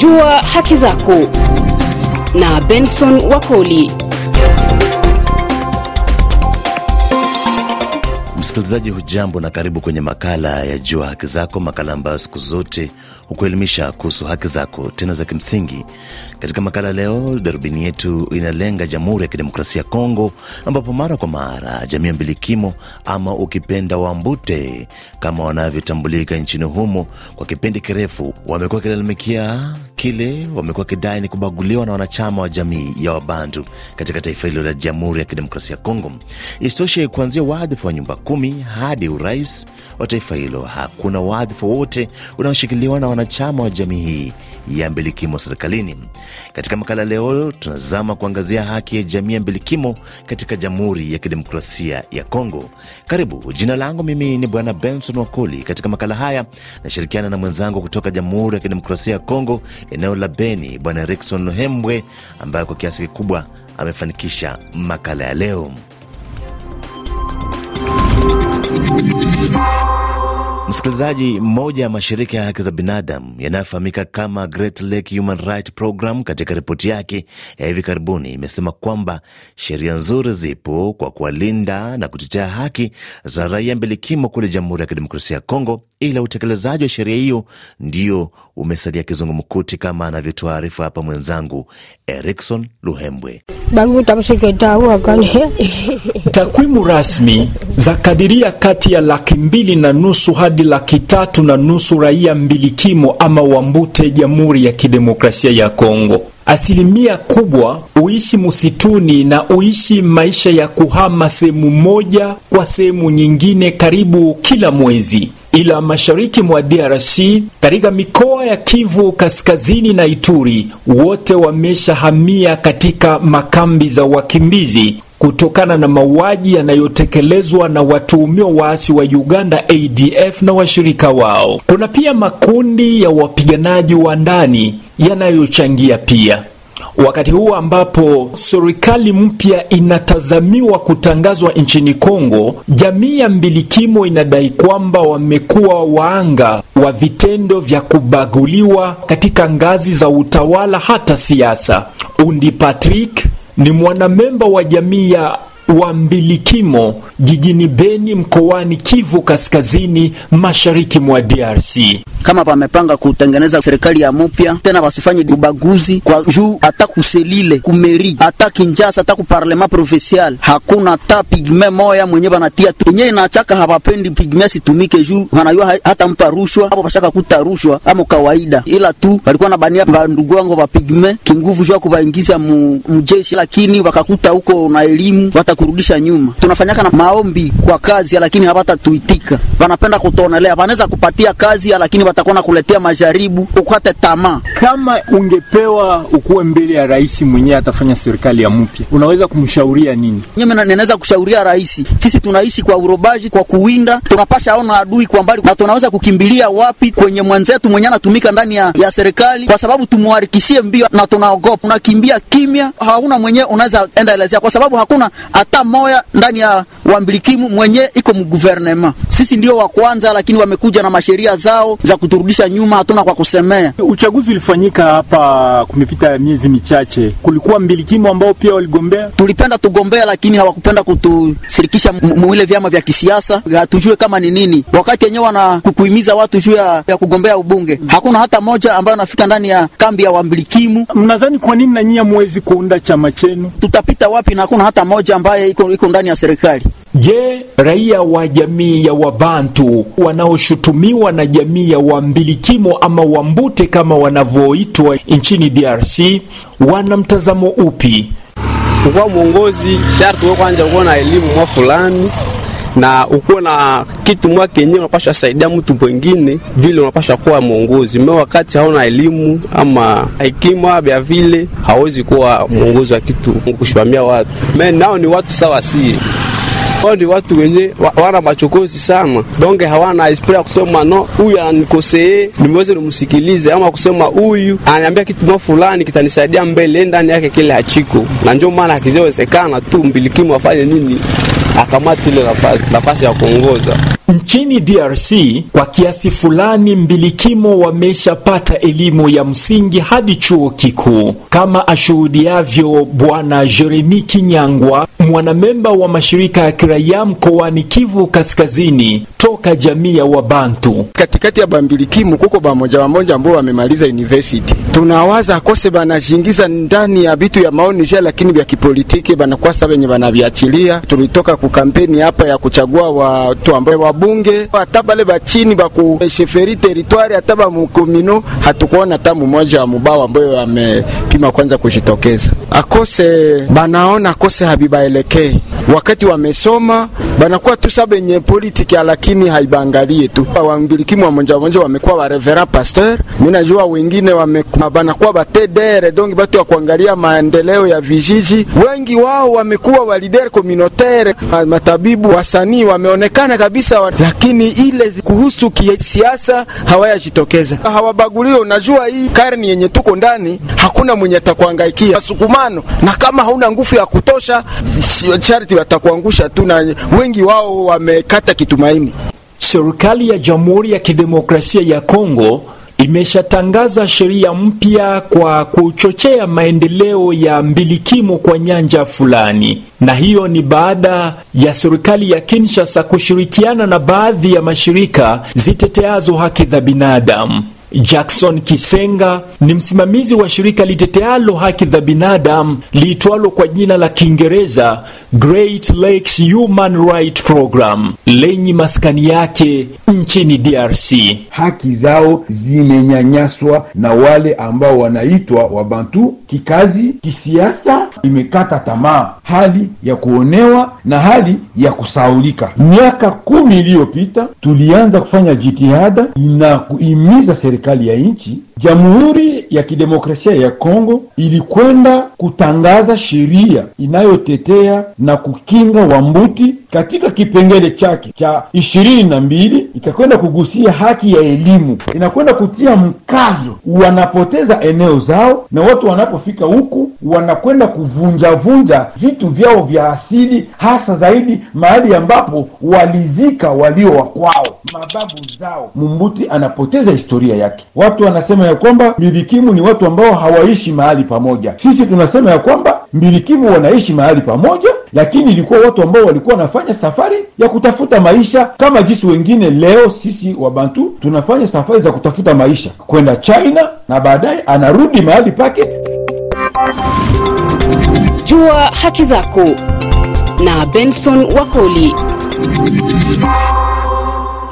Jua haki zako na Benson Wakoli. Msikilizaji hujambo, na karibu kwenye makala ya Jua Haki Zako, makala ambayo siku zote hukuelimisha kuhusu haki zako tena za kimsingi. Katika makala leo, darubini yetu inalenga Jamhuri ya Kidemokrasia ya Kongo, ambapo mara kwa mara jamii ya mbilikimo ama ukipenda Wambute kama wanavyotambulika nchini humo, kwa kipindi kirefu wamekuwa wakilalamikia kile wamekuwa kidai ni kubaguliwa na wanachama wa jamii ya Wabantu katika taifa hilo la Jamhuri ya Kidemokrasia ya Kongo. Isitoshe, kuanzia wadhifa wa nyumba kumi hadi urais wa taifa hilo, hakuna wadhifa wote unaoshikiliwa na wanachama wa jamii hii ya mbilikimo serikalini. Katika makala leo, tunazama kuangazia haki ya jamii ya mbilikimo katika Jamhuri ya Kidemokrasia ya Kongo. Karibu. Jina langu mimi ni Bwana Benson Wakoli. Katika makala haya nashirikiana na mwenzangu kutoka Jamhuri ya Kidemokrasia ya Kongo, eneo la Beni, Bwana Erikson Hembwe, ambaye kwa kiasi kikubwa amefanikisha makala ya leo. Msikilizaji, mmoja ya mashirika ya haki za binadamu yanayofahamika kama Great Lake Human Rights Program katika ripoti yake ya hivi karibuni imesema kwamba sheria nzuri zipo kwa kuwalinda na kutetea haki za raia mbilikimo kule Jamhuri ya Kidemokrasia ya Kongo, ila utekelezaji wa sheria hiyo ndio umesalia kizungumkuti kama anavyotuarifu hapa mwenzangu Erikson Luhembwe. Takwimu rasmi za kadiria kati ya laki mbili na nusu hadi laki tatu na nusu raia mbilikimo ama Wambute, Jamhuri ya Kidemokrasia ya Kongo. Asilimia kubwa uishi msituni na uishi maisha ya kuhama sehemu moja kwa sehemu nyingine karibu kila mwezi ila mashariki mwa DRC katika mikoa ya Kivu Kaskazini na Ituri wote wameshahamia katika makambi za wakimbizi kutokana na mauaji yanayotekelezwa na watuhumiwa waasi wa Uganda ADF na washirika wao. Kuna pia makundi ya wapiganaji wa ndani yanayochangia pia wakati huu ambapo serikali mpya inatazamiwa kutangazwa nchini Kongo, jamii ya mbilikimo inadai kwamba wamekuwa waanga wa vitendo vya kubaguliwa katika ngazi za utawala hata siasa. Undi Patrick ni mwanamemba wa jamii ya wa Mbilikimo jijini Beni mkoani Kivu Kaskazini, mashariki mwa DRC. Kama pamepanga kutengeneza serikali ya mupya tena, wasifanye ubaguzi kwa juu, hata kuselile kumeri, hata Kinjasa, hata kuparlema provincial, hakuna hata pigme moya mwenye banatia tu yenye inachaka, hawapendi pigme situmike juu wanayua hata mpa rushwa hapo pashaka kuta rushwa amo kawaida, ila tu walikuwa na bania ndugu wangu wa pigme kinguvu jua kubaingiza mu mjeshi, lakini wakakuta huko na elimu wata kurudisha nyuma. Tunafanyaka na maombi kwa kazi, lakini hapata tuitika. wanapenda kutonelea. Wanaweza kupatia kazi, lakini watakuwa na kuletea majaribu, ukate tamaa. Kama ungepewa ukuwe mbele ya rais mwenyewe atafanya serikali ya mpya, unaweza kumshauria nini? Mimi naweza kushauria rais, sisi tunaishi kwa urobaji, kwa kuwinda, tunapasha ona adui kwa mbali, na tunaweza kukimbilia wapi? Kwenye mwenzetu mwenyewe anatumika ndani ya, ya serikali, kwa sababu tumuharikishie mbio na tunaogopa, unakimbia kimya, hauna mwenyewe unaweza enda elezea, kwa sababu hakuna hata moya ndani ya wambilikimu mwenye iko mguvernema. Sisi ndio wa kwanza, lakini wamekuja na masheria zao za kuturudisha nyuma, hatuna kwa kusemea. Uchaguzi ulifanyika hapa, kumepita miezi michache, kulikuwa mbilikimu ambao pia waligombea. Tulipenda tugombea, lakini hawakupenda kutushirikisha mwile vyama vya kisiasa, hatujue kama ni nini. Wakati wenyewe kukuhimiza watu juu ya, ya kugombea ubunge, hakuna hata moja ambayo anafika ndani ya kambi ya wambilikimu. Mnadhani kwa nini na nyinyi mwezi kuunda chama chenu? Tutapita wapi na hakuna hata moja ambayo ambaye iko, iko ndani ya serikali. Je, raia wa jamii ya Wabantu wanaoshutumiwa na jamii ya Wambilikimo ama Wambute kama wanavyoitwa nchini DRC wana mtazamo upi? Kwa mwongozi sharti wewe kwanza uko na elimu mwa fulani na ukuwe na kitu mwake yenyewe unapasha saidia mtu mwingine, vile unapasha kuwa mwongozi mimi. Wakati haona elimu ama hekima vya vile, hawezi kuwa mwongozi wa kitu kushimamia watu. Mimi nao ni watu sawa, si hao ni watu wenye wana machokozi sana, donge hawana esprit ya kusema no, huyu ananikosee nimeweze nimsikilize, ama kusema huyu ananiambia kitu mwa fulani kitanisaidia mbele ndani yake kile hachiko, na ndio maana hakizewezekana tu mbilikimu afanye nini akamata ile nafasi, nafasi ya kuongoza nchini DRC. Kwa kiasi fulani, mbilikimo wameshapata elimu ya msingi hadi chuo kikuu, kama ashuhudiavyo Bwana Jeremi Kinyangwa, mwanamemba wa mashirika ya kiraia mkoani Kivu Kaskazini kutoka jamii ya Wabantu. Katikati ya bambilikimu kuko bamoja wamoja ambao wamemaliza university, tunawaza kose banashingiza ndani ya vitu ya maoni maonisha, lakini vya kipolitiki banakuwa sasa wenye banaviachilia. Tulitoka ku kampeni hapa ya kuchagua watu ambao wabunge hata bale bachini baku sheferi territoire hata ba mukomino, hatukuona hata mmoja wa mubao ambao amepima kwanza kujitokeza. Akose banaona kose habibaelekee wakati wamesoma, banakuwa tu sabenye politiki lakini lakini haibangalie tu. Wangiliki mwamonja monja wamekuwa wa reverend pasteur, mimi najua wengine wamekuwa banakuwa ba TDR, donc batu wa kuangalia maendeleo ya vijiji. Wengi wao wamekuwa wa leader communautaire, matabibu, wasanii wameonekana kabisa wa, lakini ile kuhusu kisiasa hawayajitokeza, hawabaguliwe. Unajua hii karni yenye tuko ndani hakuna mwenye atakuangaikia masukumano, na kama hauna nguvu ya kutosha, sharti watakuangusha tu, na wengi wao wamekata kitumaini. Serikali ya Jamhuri ya Kidemokrasia ya Kongo imeshatangaza sheria mpya kwa kuchochea maendeleo ya mbilikimo kwa nyanja fulani, na hiyo ni baada ya serikali ya Kinshasa kushirikiana na baadhi ya mashirika ziteteazo haki za binadamu Jackson Kisenga ni msimamizi wa shirika litetealo haki za binadamu liitwalo kwa jina la Kiingereza Great Lakes Human Rights Program lenye maskani yake nchini DRC. Haki zao zimenyanyaswa na wale ambao wanaitwa Wabantu kikazi, kisiasa. Imekata tamaa, hali ya kuonewa na hali ya kusaulika. Miaka kumi iliyopita tulianza kufanya jitihada na kuhimiza serikali caliente de amor ya kidemokrasia ya Kongo ilikwenda kutangaza sheria inayotetea na kukinga wambuti katika kipengele chake cha ishirini na mbili ikakwenda kugusia haki ya elimu, inakwenda kutia mkazo, wanapoteza eneo zao na watu wanapofika huku wanakwenda kuvunjavunja vitu vyao vya asili, hasa zaidi mahali ambapo walizika walio wa kwao, mababu zao. Mumbuti anapoteza historia yake. Watu wanasema ya kwamba miliki mbilikimu ni watu ambao hawaishi mahali pamoja. Sisi tunasema ya kwamba mbilikimu wanaishi mahali pamoja, lakini ilikuwa watu ambao walikuwa wanafanya safari ya kutafuta maisha kama jinsi wengine leo sisi Wabantu tunafanya safari za kutafuta maisha kwenda China na baadaye anarudi mahali pake. Jua haki zako na Benson Wakoli.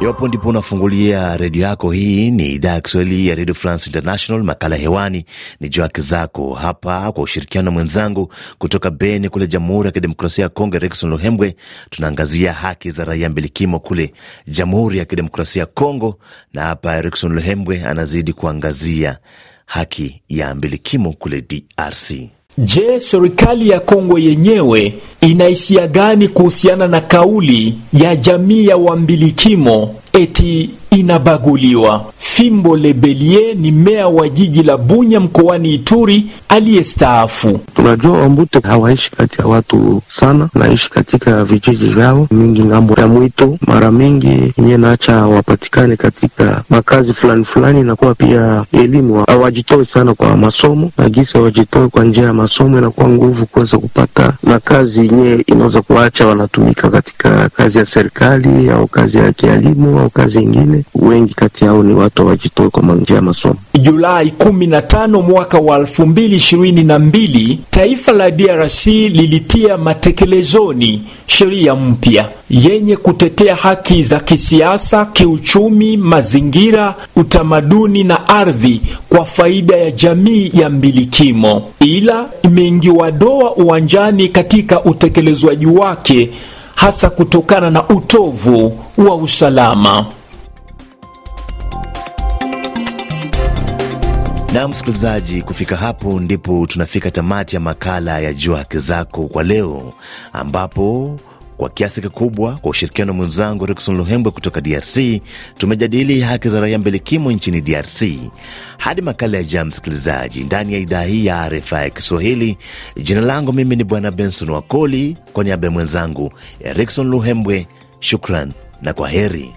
Iwapo ndipo unafungulia redio yako, hii ni idhaa ya Kiswahili ya Radio France International. Makala hewani ni jua haki zako, hapa kwa ushirikiano mwenzangu kutoka Beni kule Jamhuri ya Kidemokrasia ya Kongo, Erikson Luhembwe. Tunaangazia haki za raia mbilikimo kule Jamhuri ya Kidemokrasia ya Kongo, na hapa Erikson Luhembwe anazidi kuangazia haki ya mbilikimo kule DRC. Je, serikali ya Kongo yenyewe ina hisia gani kuhusiana na kauli ya jamii ya wambilikimo eti inabaguliwa. Fimbo Lebelie ni meya wa jiji la Bunya mkoani Ituri aliyestaafu. Tunajua Wambute hawaishi kati ya watu sana, naishi katika vijiji vyao mingi ngambo ya mwito Mara mingi enye naacha wapatikane katika makazi fulani fulani, inakuwa pia elimu hawajitoi sana kwa masomo, na gisi hawajitoi kwa njia ya masomo, inakuwa nguvu kuweza kupata makazi yenyewe, inaweza kuacha wanatumika katika kazi ya serikali au kazi ya kialimu kazi zingine. Wengi kati yao ni watu hawajitoi kwa njia ya masomo. Julai 15 mwaka wa 2022 taifa la DRC lilitia matekelezoni sheria mpya yenye kutetea haki za kisiasa, kiuchumi, mazingira, utamaduni na ardhi kwa faida ya jamii ya mbilikimo, ila imeingiwa doa uwanjani katika utekelezwaji wake hasa kutokana na utovu wa usalama. Na msikilizaji, kufika hapo ndipo tunafika tamati ya makala ya Jua Haki Zako kwa leo, ambapo kwa kiasi kikubwa kwa ushirikiano mwenzangu Rikson Luhembwe kutoka DRC tumejadili haki za raia mbilikimo nchini DRC. Hadi makala ya jaa, msikilizaji, ndani ya idhaa hii ya RFI ya Kiswahili. Jina langu mimi ni Bwana Benson Wakoli, kwa niaba ya mwenzangu erikson Luhembwe, shukran na kwa heri.